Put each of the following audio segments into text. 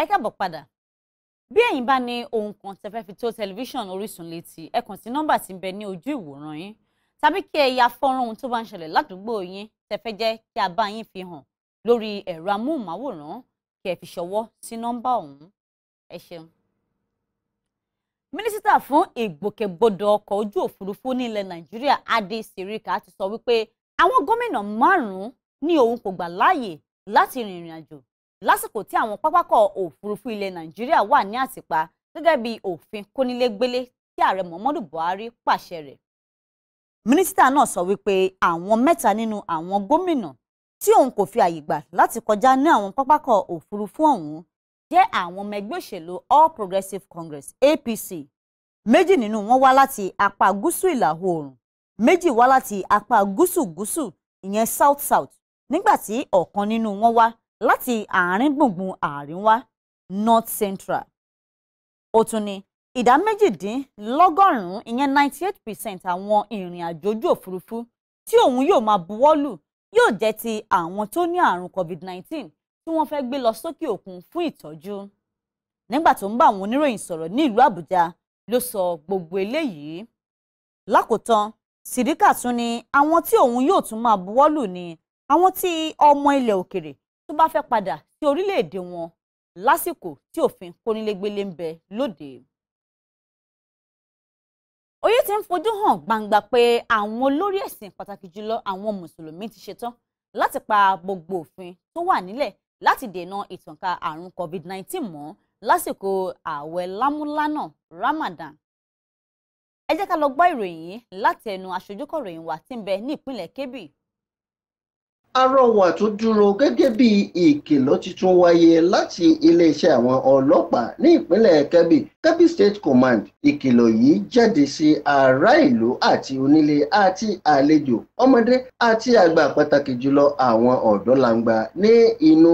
ẹ káàbọ̀ padà bí ẹ̀yin bá ní ohun kan tẹ́ fẹ́ fi tó tẹlifíṣàn Orísun létí ẹ kàn sí nọ́mbà tí ń bẹ ní ojú ìwòran yín tàbí kí ẹ ya fọ́nrán ohun tó bá ń ṣẹlẹ̀ ládùúgbò yín tẹ́ fẹ́ jẹ́ kí a bá yín fi hàn lórí ẹ̀rọ amóhùnmáwòrán kí ẹ fi ṣọwọ́ sí nọ́mbà ọ̀hún ẹ ṣeun. mínísítà fún ìgbòkègbodò ọkọ̀ ojú òfurufú ní ilẹ̀ Nàìjíríà Adé Sirika ti sọ wípé àwọn gómìnà márùn-ún ní òun kò gbà láàyè láti rìnrìn àjò lásìkò tí àwọn pápákọ̀ òfurufú ilẹ̀ nàìjíríà wà ní àtìpa gẹ́gẹ́ bí òfin kónílégbélé tí ààrẹ muhammadu buhari pàṣẹ rẹ̀. mínísítà náà sọ wípé àwọn mẹ́ta nínú àwọn gómìnà tí òun kò fi àyè gbà láti kọjá ní àwọn pápákọ̀ òfurufú ọ̀hún jẹ́ àwọn ọmọ ẹgbẹ́ òṣèlú all progressives congress apc méjì nínú wọn wá láti apá gúúsù ìlà oòrùn méjì wá láti apá gúúsù gúúsù ìyẹn south south nígbà tí ọ̀kan nínú wọn wá láti àárín gbùngbùn àríwá north central ó tún ní ìdá méjìdínlọ́gọ́rùn-ún ìyẹn ninety eight percent àwọn ìrìn àjò ojú òfurufú tí òun yóò máa buwọ́lù yóò jẹ́ ti àwọn tó ní àrùn covid nineteen tí wọ́n fẹ́ gbé lọ sókè òkun fún ìtọ́jú nígbà tó ń bá àwọn oníròyìn sọ̀rọ̀ ní ìlú àbújá ló sọ gbogbo eléyìí lákòótán sìríkà tún ni àwọn tí òun yóò tún máa buwọ́lù ni àwọn tí ọmọ ilẹ̀ òkèrè tó bá fẹ́ padà sí orílẹ̀-èdè wọn lásìkò tí òfin kónílégbélé ń bẹ lóde. Oyè ti ń fojú hàn gbangba pé àwọn olórí ẹ̀sìn pàtàkì jùlọ àwọn mùsùlùmí ti ṣetán láti pa gbogbo òfin tó wà nílẹ̀ láti dènà ìtànká àrùn COVID-19 mọ́ lásìkò ààwẹ̀ lámúlánà Ramadan. Ẹ jẹ́ ká lọ gbọ́ ìròyìn yìí láti ẹnu aṣojúkọ̀ròyìn wa tí ń bẹ ní ìpínlẹ̀ Kebbi. Àrọ̀wà tó dúró gẹ́gẹ́ bí ìkìlọ̀ tuntun wáyé láti iléeṣẹ́ àwọn ọlọ́pàá ní ìpínlẹ̀ Kebbi Kebbi State Command ìkìlọ̀ yìí jáde sí ará ìlú àti onílé àti àlejò ọmọdé àti àgbà pàtàkì jùlọ àwọn ọ̀dọ́langba ní inú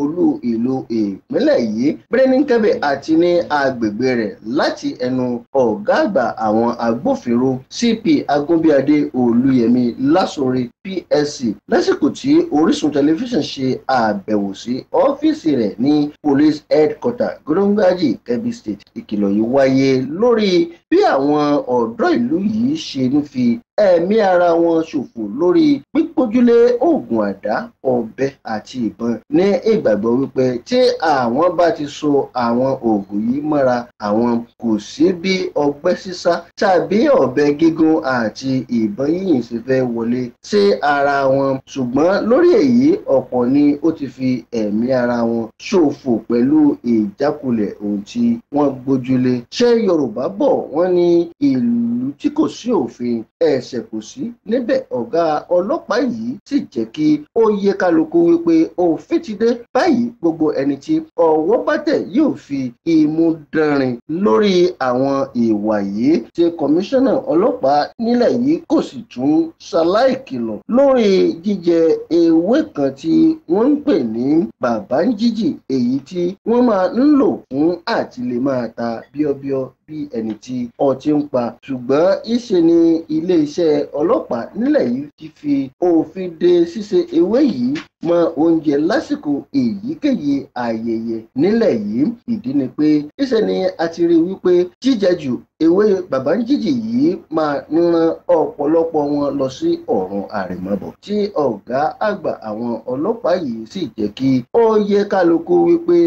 olú ìlú ìpínlẹ̀ yìí Birnin Kebbi àti ní agbègbè rẹ̀ láti ẹnu ọ̀gá àgbà àwọn agbófinró CP Agúnbíadé Olúyẹmí Lásòrè PSC lásìkò tí Orísun tẹlifíṣàn ṣe àbẹ̀wò sí ọ́fíìsì rẹ̀ ní Police Headquarter Godongbaji Kebbi State ìkìlọ̀ yìí wáyé lórí bí àwọn ọ̀dọ́ ìlú yìí ṣe ń fi ẹ̀mí ara wọn ṣòfò lórí pípójúlé oògùn àdá ọ̀bẹ àti ìbọn ní ìgbàgbọ́ wípé tí àwọn bá ti so àwọn oògùn yìí mọ́ra àwọn kò sí bí ọgbẹ́ sísá tàbí ọ̀bẹ gígùn àti ìbọn yíyìn ṣe fẹ́ wọlé sí ara wọn ṣùgbọ́n lórí èyí ọ̀pọ̀ ni ó ti fi ẹ̀mí ara wọn ṣòfò pẹ̀lú ìjákulẹ̀ ohun tí wọ́n gbójúlé ṣé Yorùbá bọ̀ wọ́n ní ìlú tí kò sí òfin ẹ̀sìn ẹsẹ̀ kò sí níbẹ̀ ọ̀gá ọlọ́pàá yìí sì jẹ́ kí ó yé kálukú wípé òfin ti dé báyìí gbogbo ẹni tí ọwọ́ bá tẹ̀ yóò fi imú dánrin lórí àwọn ìwà yìí tí kọmíṣánná ọlọ́pàá nílẹ̀ yìí kò sì tún ṣaláì kìlọ̀ lórí jíjẹ ewé kan tí wọ́n ń pè ní bàbáńjíjì èyí tí wọ́n máa ń lò fún àti lè máa ta bíọ́bíọ́ bí ẹni tí ọtí ń pa ṣùgbọ́n ìṣe ni iléeṣẹ́ iléeṣẹ́ ọlọ́pàá nílẹ̀ yìí ti fi òfin de ṣíṣe ewé yìí mọ́ oúnjẹ lásìkò èyíkéyìí ayẹyẹ nílẹ̀ yìí ìdí ni pé ṣíṣe ni a ti rí wípé jíjẹ jù ewé bàbáńjìjì yìí máa ń ran ọ̀pọ̀lọpọ̀ wọn lọ sí ọ̀run àrèmabọ̀ tí ọ̀gá àgbà àwọn ọlọ́pàá yìí sì jẹ́ kí ó yé kálukú wípé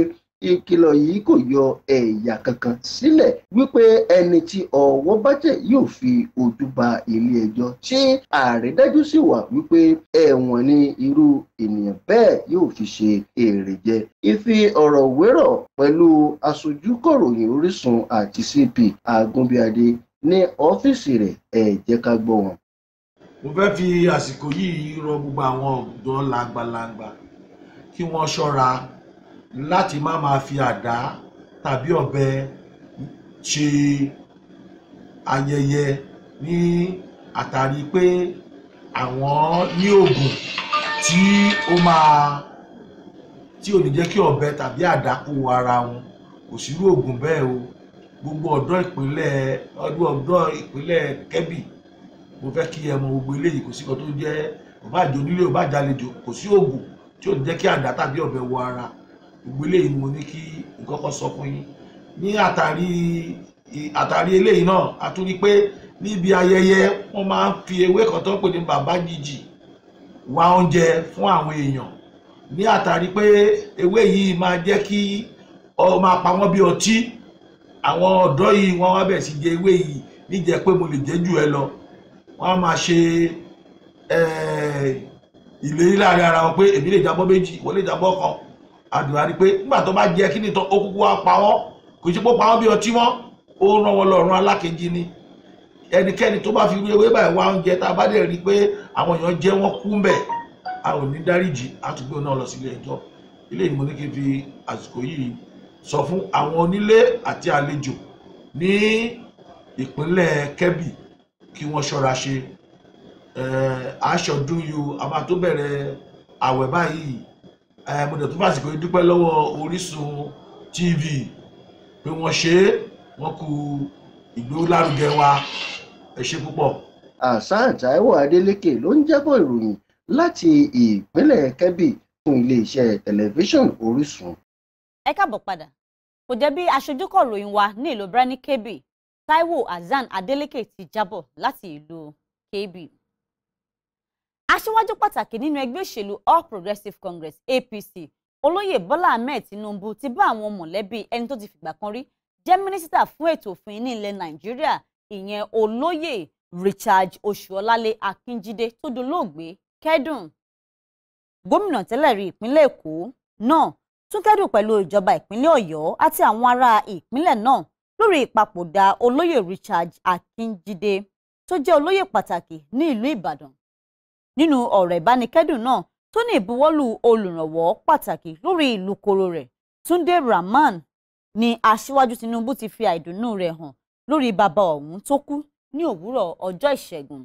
ìkìlọ̀ yìí kò yọ ẹ̀yà kankan sílẹ̀ wípé ẹni tí ọwọ́ bá tẹ̀ yóò fi ojú ba ilé ẹjọ́ tí àrídájú sì wà wípé ẹ̀wọ̀n ni irú ènìyàn bẹ́ẹ̀ yóò fi ṣe èrè jẹ. ìfi ọ̀rọ̀ wérọ̀ pẹ̀lú aṣojú kọ̀ròyìn Orísun àti CP Àgúnbíadé ní ọ́fíìsì rẹ̀ ẹ ká gbọ́ wọn. mo fẹ́ fi àsìkò yìí rọ gbogbo àwọn ọ̀dọ́ làgbàlagbà kí wọ́n ṣọ́ra láti má máa fi àdá tàbí ọ̀bẹ ṣe ayẹyẹ ní àtàrí pé àwọn ní oògùn tí ó máa tí ò ní jẹ́ kí ọ̀bẹ tàbí àdá kó ara wọn kò sírú oògùn bẹ́ẹ̀ o gbogbo ọ̀dọ́ ìpínlẹ̀ ọdún ọ̀dọ́ ìpínlẹ̀ Kẹ́bì mo fẹ́ kí ẹ mọ gbogbo eléyìí kò sí kan tó jẹ́ ọ̀bá onílé ọ̀bá kò sí oògùn tí ò ní jẹ́ kí àdá tàbí ọ̀bẹ wọ ara gbogbo eléyìí ni mo ní kí n kọ́kọ́ sọ fún yín ní àtàrí àtàrí eléyìí náà a tún rí pé níbi ayẹyẹ wọ́n máa ń fi ewé kan tó ń pè ní bàbá jìjì wá oúnjẹ fún àwọn èèyàn ní àtàrí pé ewé yìí máa jẹ́ kí ọ máa pa wọ́n bí ọtí àwọn ọ̀dọ́ yìí wọ́n wá bẹ̀rẹ̀ sí jẹ ewé yìí níjẹ́ pé mo lè jẹ́ jù ẹ lọ wọ́n á máa ṣe ìlérí láàrin ara wọn pé èmi lè jábọ́ méjì wọ́n lè jábọ́ kan àdúrà rí pé nígbà tó bá jẹ kí ni tán ó kúkú wá pa wọ́n kò sí pé pa wọ́n bí ọtí mọ́ ó rán wọn lọ́rùn alákejì ni ẹnikẹ́ni tó bá fi ru ewé báyìí wá oúnjẹ tá a bá dẹ̀ rí i pé àwọn èèyàn jẹ́ wọ́n kú mbẹ̀ a ò dáríjì àtúgbò náà lọ sílé ẹjọ́ ilé ìmọ̀ ní kí n fi àsìkò yìí sọ fún àwọn onílé àti àlejò ní ìpínlẹ̀ Kebbi kí wọ́n ṣọ́ra ṣe aṣọ́dún yìí a máa tó bẹ̀rẹ̀ àwẹ̀ báyìí mo dẹ̀ tún bá àsìkò yìí dúpẹ́ lọ́wọ́ Orísun TV pé wọ́n ṣe é wọ́n kú ìgbélárugẹ wa ẹ ṣe púpọ̀. Hasan Taiwo Adeleke ló ń jábọ̀ ìròyìn láti ìpínlẹ̀ Kebbi fún iléeṣẹ́ tẹlifíṣàn Orísun. ẹ káàbọ̀ padà kò jẹ́ bí aṣojú kọ̀ròyìn wa ní ìlú Birni Kebbi Taiwo Hasan Adeleke ti jábọ̀ láti ìlú Kebbi aṣíwájú pàtàkì nínú ẹgbẹ́ òṣèlú All Progressive Congress APC olóyè Bọ́lá Ahmed Tinubu ti bá àwọn mọ̀lẹ́bí ẹni tó ti fìgbà kan rí jẹ́ mínísítà fún ètò òfin ní ilẹ̀ Nàìjíríà ìyẹn olóyè Richard Oṣuọlálé Akínjídé tó dolóògbé kẹ́dùn gómìnà tẹ́lẹ̀ rí ìpínlẹ̀ Èkó náà tún kẹ́dùn pẹ̀lú ìjọba ìpínlẹ̀ Ọ̀yọ́ àti àwọn ará ìpínlẹ̀ náà lórí ìpapòdà olóyè Richard Akínjídé tó jẹ́ olóyè pàtàkì ní ìlú Ìbàdàn nínú ọ̀rọ̀ ìbánikẹ́dùn náà tó ní ìbuwọ́lù olùrànwọ́ pàtàkì lórí ìlú koro rẹ̀ Túndé Rahman ni aṣíwájú Tinubu ti fi àìdùnnú rẹ̀ hàn lórí bàbá ọ̀hún tó kú ní òwúrọ̀ ọjọ́ ìṣẹ́gun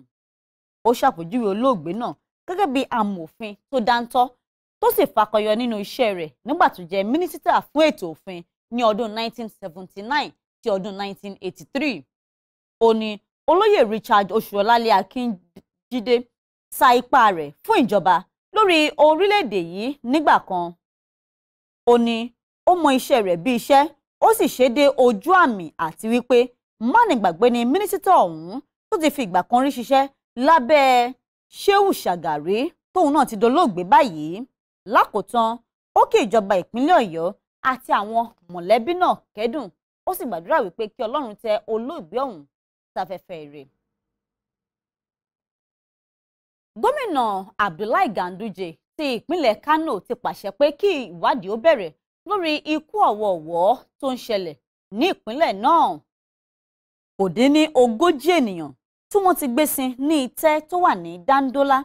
ó ṣàpèjúwe olóògbé náà gẹ́gẹ́ bí amòfin tó dáńtọ́ tó sì fakọyọ nínú iṣẹ́ rẹ̀ nígbà tó jẹ́ mínísítà fún ètò òfin ní ọdún 1979 sí ọdún 1983 ó ní olóyè Richard Oṣuọlálé Akínjídé ta ipá rẹ̀ fún ìjọba lórí orílẹ̀-èdè yìí nígbà kan. ó ní ó mọ iṣẹ́ rẹ̀ bí iṣẹ́ ó sì ṣe dé ojú àmì àti wípé mánigbàgbé ni mínísítà ọ̀hún tó ti fi ìgbà kan rí ṣiṣẹ́ lábẹ́ Shehu Shagari tóun náà ti dolóògbé báyìí lákòótán ó kí ìjọba ìpínlẹ̀ Ọ̀yọ́ àti àwọn mọ̀lẹ́bí náà kẹ́dùn ó sì gbàdúrà wípé kí Ọlọ́run tẹ olóògbé ọ̀hún sáfẹ́fẹ́ rẹ̀ gómìnà Abdullahi Ganduje ti ìpínlẹ̀ Kano ti pàṣẹ pé kí ìwádìí ó bẹ̀rẹ̀ lórí ikú ọ̀wọ̀ọ̀wọ́ tó ń ṣẹlẹ̀ ní ìpínlẹ̀ náà kò dín ní ogójì ènìyàn tí wọ́n ti gbé sin ní itẹ́ tó wà ní Dandola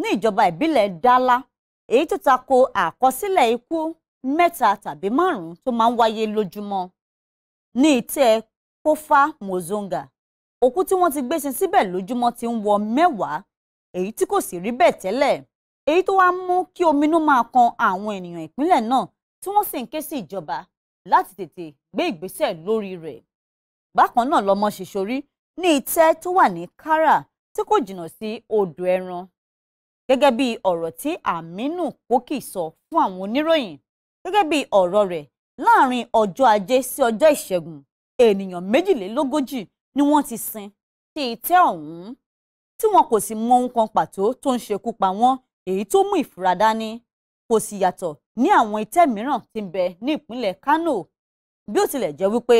ní ìjọba ìbílẹ̀ Dala èyí tó tako àkọsílẹ̀ ikú mẹ́ta tàbí márùn-ún tó máa ń wáyé lójúmọ́ ní itẹ́ Kofa Mozonga òkú tí wọ́n ti gbé sin síbẹ̀ lójúmọ́ ti ń wọ mẹ́wàá èyí tí kò sì rí bẹ́ẹ̀ tẹ́lẹ̀ èyí tó wá mú kí ominú máa kan àwọn ènìyàn ìpínlẹ̀ náà tí wọ́n sì ń ké sí ìjọba láti tètè gbé ìgbésẹ̀ lórí rẹ̀ bákan náà lọmọ ṣe ní itẹ́ tó wà ní Kara tí kò jìnnà sí odò ẹran gẹ́gẹ́ bí ọ̀rọ̀ tí Aminu Koki sọ fún àwọn oníròyìn gẹ́gẹ́ bí ọ̀rọ̀ rẹ̀ láàrin ọjọ́ ajé sí ọjọ́ ìṣẹ́gun ènìyàn méjìlélógójì ni wọ́n ti sin sí itẹ́ ọ̀hún tí wọn kò sì mọ ohun kan pàtó tó ń ṣekú pa wọn èyí tó mú ìfura dání kò sì yàtọ̀ ní àwọn itẹ́ mìíràn tí ń bẹ ní ìpínlẹ̀ Kánò bí ó tilẹ̀ jẹ́ wípé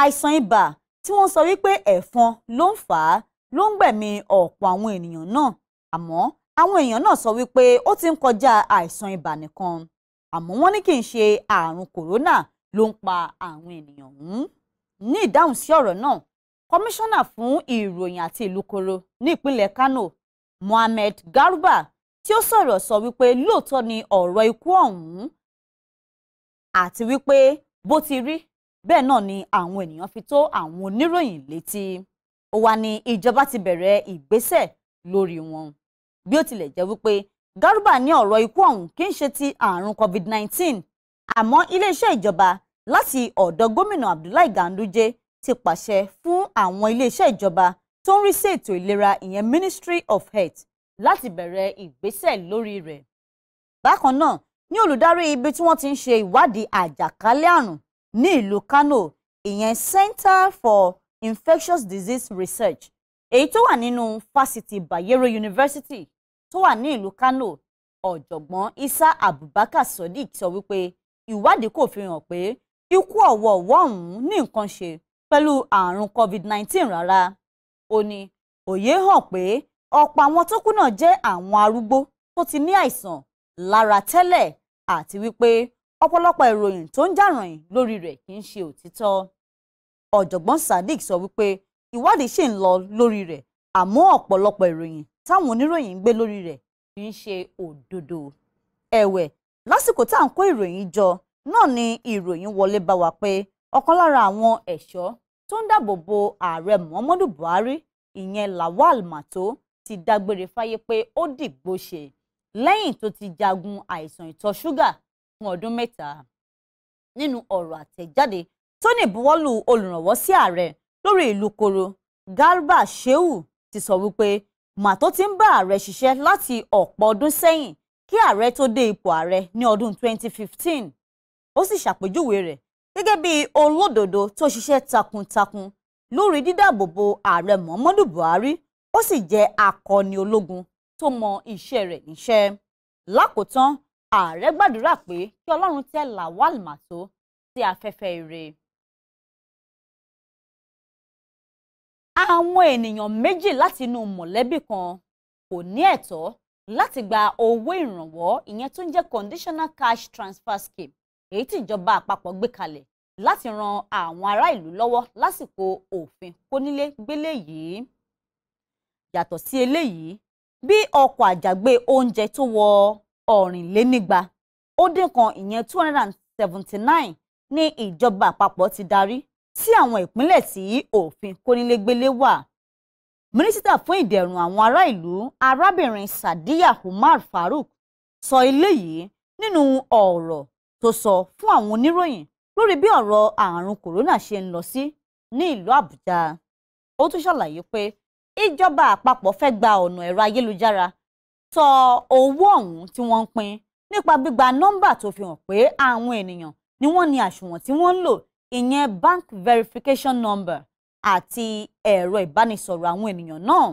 àìsàn ibà tí wọ́n sọ wípé ẹ̀fọn ló ń fà á ló ń gbẹ̀mí ọ̀pọ̀ àwọn ènìyàn náà àmọ́ àwọn èèyàn náà sọ wípé ó ti ń kọjá àìsàn ibà nìkan àmọ́ wọ́n ní kì í ṣe àrùn kòrónà ló ń pa àwọn ènìyàn ọ̀hún ní ìdáhùn sí ọ̀rọ̀ náà kọmíṣánná fún ìròyìn àti ìlúkoro ní ìpínlẹ̀ Kano Mohammed Garuba tí ó sọ̀rọ̀ sọ wípé lóòótọ́ ni ọ̀rọ̀ ikú ọ̀hún àti wípé bó ti rí bẹ́ẹ̀ náà ni àwọn ènìyàn fi tó àwọn oníròyìn létí ó wá ní ìjọba ti bẹ̀rẹ̀ ìgbésẹ̀ lórí wọn bí ó tilẹ̀ jẹ́ wípé Garuba ní ọ̀rọ̀ ikú ọ̀hún kì í ṣe ti àrùn COVID-19 àmọ́ iléeṣẹ́ ìjọba láti ọ̀dọ̀ gómìnà Abdullahi Ganduje ti pàṣẹ fún àwọn iléeṣẹ́ ìjọba tó ń rí sí ètò ìlera ìyẹn Ministry of Health láti bẹ̀rẹ̀ ìgbésẹ̀ lórí rẹ̀. bákan náà ní olùdarí ibi tí wọ́n ti ń ṣe ìwádìí àjàkálẹ̀ àrùn ní ìlú Kano ìyẹn Center for Infectious Disease Research èyí tó wà nínú fásitì Bayero University tó wà ní ìlú Kano ọ̀jọ̀gbọ́n Isa Abubakar Sodiq sọ wípé ìwádìí kò fi hàn pé ikú ọ̀wọ̀ọ̀wọ́ ọ̀hún ní nǹkan ṣe pẹ̀lú àrùn covid-19 rárá ó ní òye hàn pé ọ̀pọ̀ àwọn tó kú náà jẹ́ àwọn arúgbó tó ti ní àìsàn lára tẹ́lẹ̀ àti wípé ọ̀pọ̀lọpọ̀ ìròyìn tó ń jàròyìn lórí rẹ̀ kì í ṣe òtítọ́ ọ̀jọ̀gbọ́n Sadiq sọ wípé ìwádìí ṣì ń lọ lórí rẹ̀ àmọ́ ọ̀pọ̀lọpọ̀ ìròyìn táwọn oníròyìn ń gbé lórí rẹ̀ kì í ṣe òdodo ẹ̀wẹ̀ lásìkò tá à ń kó ìròyìn jọ náà ni ìròyìn wọlé bá wa pé ọ̀kan lára àwọn ẹ̀ṣọ́ tó ń dáàbò bo ààrẹ Muhammadu Buhari ìyẹn Lawal Mato ti dágbére fáyé pé ó dìgbò ṣe lẹ́yìn tó ti jagun àìsàn ìtọ̀ ṣúgà fún ọdún mẹ́ta nínú ọ̀rọ̀ àtẹ̀jáde tó ní ìbuwọ́lù olùrànwọ́ sí ààrẹ lórí ìlú koro Garba Shehu ti sọ wípé Màtó ti ń bá ààrẹ ṣiṣẹ́ láti ọ̀pọ̀ ọdún sẹ́yìn kí ààrẹ tó dé ipò ààrẹ ní ọdún 2015 ó sì ṣàpèjúwe rẹ̀ gẹ́gẹ́ bí olódodo tó ṣiṣẹ́ takuntakun lórí dídáàbòbò ààrẹ Muhammadu Buhari ó sì jẹ́ akọni ológun tó mọ iṣẹ́ rẹ̀ níṣẹ́ lákòótán ààrẹ gbàdúrà pé kí Ọlọ́run tẹ́ Lawal Mato sí afẹ́fẹ́ ire. àwọn ènìyàn méjì láti inú mọ̀lẹ́bí kan kò ní ẹ̀tọ́ láti gba owó ìrànwọ́ ìyẹn tó ń jẹ́ conditional cash transfer scheme èyí tí ìjọba àpapọ̀ gbé kalẹ̀ láti ran àwọn ará ìlú lọ́wọ́ lásìkò òfin kónílé gbélé yìí yàtọ̀ sí eléyìí bí ọkọ̀ àjàgbé oúnjẹ tó wọ ọ̀rìnlénígba ó dín ìyẹn two hundred and seventy nine ní ìjọba àpapọ̀ ti darí sí àwọn ìpínlẹ̀ tí òfin kónílégbélé wà. mínísítà fún ìdẹ̀rùn àwọn ará ìlú arábìnrin Sadiya Umar Farouk sọ eléyìí nínú ọ̀rọ̀ tó sọ fún àwọn oníròyìn lórí bí ọ̀rọ̀ àrùn kòrónà ṣe ń lọ sí ní ìlú Àbújá ó tún ṣàlàyé pé ìjọba àpapọ̀ fẹ́ gba ọ̀nà ẹ̀rọ ayélujára sọ owó ọ̀hún tí wọ́n ń pín nípa gbígba nọ́mbà tó fi hàn pé àwọn ènìyàn ni wọ́n ní àsùnwọ̀n tí wọ́n ń lò ìyẹn bank verification number àti ẹ̀rọ ìbánisọ̀rọ̀ àwọn ènìyàn náà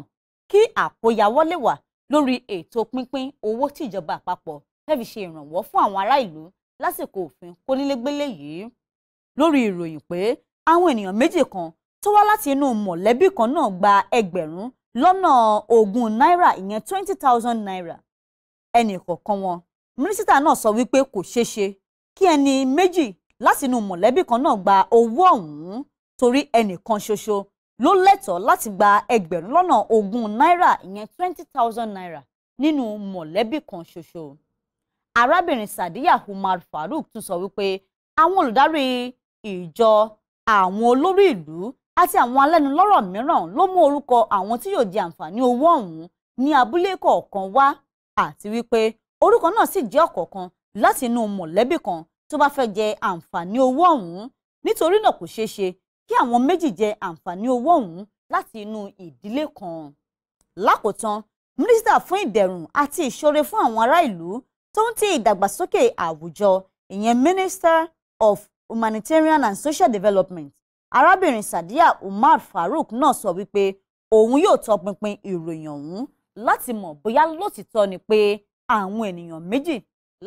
kí àkóyawọlé wà lórí ètò pínpín owó tí ìjọba àpapọ̀ fẹ́ fi ṣe ìrànwọ́ fún àwọn ará ìlú lásìkò òfin kónílégbélé yìí lórí ìròyìn pé àwọn ènìyàn méjì kan tó wá láti inú mọ̀lẹ́bí kan náà gba ẹgbẹ̀rún lọ́nà ogún náírà ìyẹn twenty thousand naira ẹnì kọ̀ọ̀kan wọn mínísítà náà sọ wípé kò ṣeé ṣe kí ẹni méjì láti inú mọ̀lẹ́bí kan náà gba owó ọ̀hún torí ẹnìkan ṣoṣo ló lẹ́tọ̀ọ́ láti gba ẹgbẹ̀rún lọ́nà ogún náírà ìyẹn twenty thousand naira nínú mọ̀lẹ́bí kan ṣoṣo arábìnrin Sadiya Umar Farouk tún sọ wípé àwọn olùdarí ìjọ àwọn olórí ìlú àti àwọn alẹ́nulọ́rọ̀ mìíràn ló mú orúkọ àwọn tí yóò di àǹfààní owó ọ̀hún ní abúlé kọ̀ọ̀kan wá àti wípé orúkọ náà sì jẹ́ ọ̀kọ̀ọ̀kan láti inú mọ̀lẹ́bí kan tó bá fẹ́ jẹ àǹfààní owó ọ̀hún nítorí náà kò ṣeé ṣe kí àwọn méjì jẹ àǹfààní owó ọ̀hún láti inú ìdílé kan. lákòótán mínísítà fún ìdẹ̀rùn àti ìṣoore fún àwọn ará ìlú tó ń ti ìdàgbàsókè àwùjọ ìyẹn Minister of Humanitarian and Social Development arábìnrin Sadiya Umar Farouk náà sọ wípé òun yóò tọpinpin ìròyìn ọ̀hún láti mọ̀ bóyá lótìtọ́ ni pé àwọn ènìyàn méjì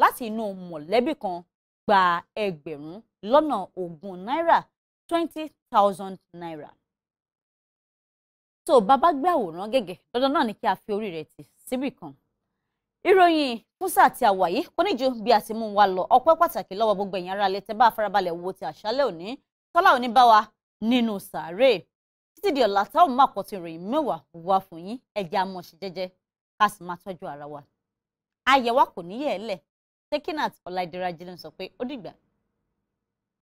láti inú mọ̀lẹ́bí kan gba ẹgbẹ̀rún lọ́nà ogún náírà twenty thousand naira. tó o bá bá gbé àwòrán gẹ́gẹ́ dandan náà ni kí a fi orí rẹ̀ tì síbì kan ìròyìn fúnṣà àti àwàyé kò ju bí a ti mú wa lọ ọpẹ́ pàtàkì lọ́wọ́ gbogbo ẹ̀yin aráalé tẹ́ bá farabalẹ̀ wo ti àṣálẹ́ òní tọ́lá òní bá wa nínú sàárè títí di ọ̀la táwọn máa pọ̀ tó ìròyìn mẹ́wàá wá fún yín ẹ̀jẹ̀ amọ̀ṣe jẹ́jẹ́ ká sì máa tọ́jú ara wa. ayẹ̀wá kò níyẹ̀ ẹ̀lẹ̀ Sekinat Ọláìdíra jílẹ̀ sọ pé ó dìgbà